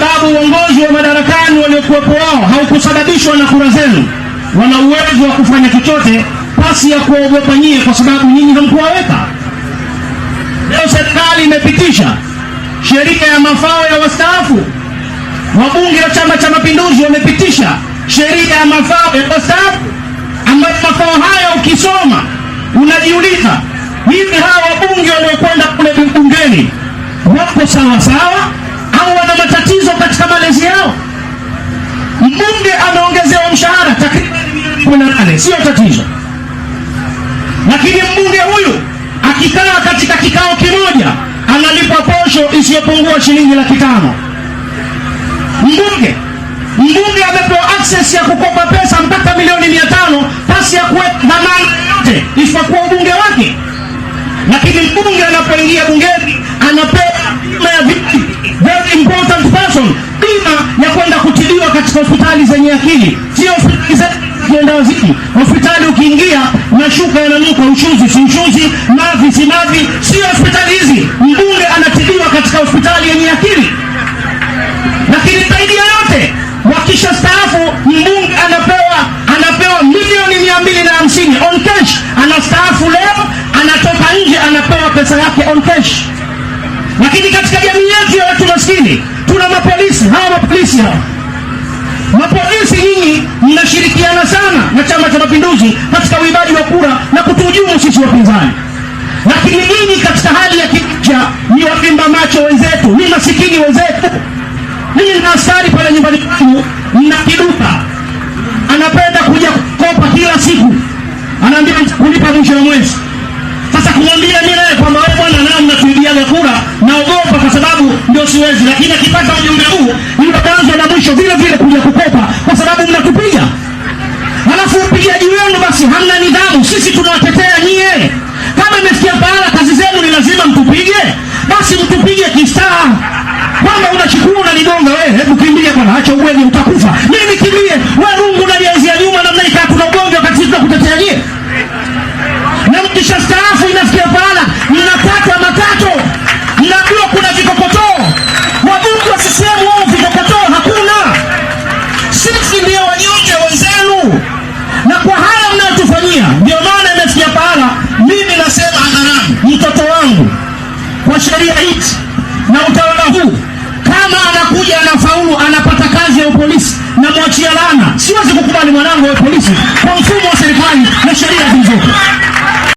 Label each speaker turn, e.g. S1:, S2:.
S1: sababu uongozi wa madarakani waliokuwepo wao haukusababishwa na kura zenu. Wana uwezo wa kufanya chochote pasi ya kuogopa nyie, kwa sababu nyinyi hamkuwaweka. Leo serikali imepitisha sheria ya mafao ya wastaafu. Wabunge wa Chama cha Mapinduzi wamepitisha sheria ya mafao ya wastaafu, ambayo mafao haya ukisoma unajiuliza hivi, hawa wabunge waliokwenda kule bungeni wako sawasawa? au wana matatizo katika malezi yao. Mbunge ameongezewa mshahara takriban milioni kumi sio tatizo, lakini mbunge huyu akikaa katika kikao kimoja analipwa posho isiyopungua shilingi laki tano. Mbunge mbunge amepewa access ya kukopa pesa mpaka milioni mia tano pasi ya kuweka dhamana yoyote isipokuwa ubunge wake, lakini mbunge anapoingia bungeni anapewa Action, bima ya kwenda kutibiwa katika hospitali zenye akili, sio hospitali zenye hospitali. Ukiingia mashuka yananuka, uchuzi si uchuzi, mavi si mavi, sio hospitali hizi. Mbunge anatibiwa katika hospitali yenye akili. Lakini zaidi ya yote, wakisha staafu mbunge anapewa anapewa milioni mia mbili na hamsini on cash. Anastaafu leo, anatoka nje, anapewa pesa yake on cash. Lakini katika jamii yetu ya watu maskini kuna mapolisi hawa, mapolisi hawa, mapolisi nyinyi mnashirikiana sana na Chama cha Mapinduzi katika uibaji wa kura na kutuhujumu sisi wapinzani, lakini nyinyi katika hali ya kija ni wavimba macho wenzetu, ni masikini wenzetu. Ninyi na askari pale nyumbani kwenu mna ndio siwezi, lakini akipata ujumbe huu kwanza na mwisho vile vile kuja kukopa, kwa sababu mnatupiga, alafu upigaji wenu basi hamna nidhamu. Sisi tunawatetea nyie, kama imefikia pahala kazi zenu ni lazima mtupige, basi mtupige kistaa, kwamba unachukua unanigonga wewe, hebu kimbia bwana, acha uweni, utakufa. na utawala huu, kama anakuja anafaulu, anapata kazi ya upolisi na mwachia laana. Siwezi kukubali mwanangu wa polisi kwa mfumo wa serikali na sheria zilizopo.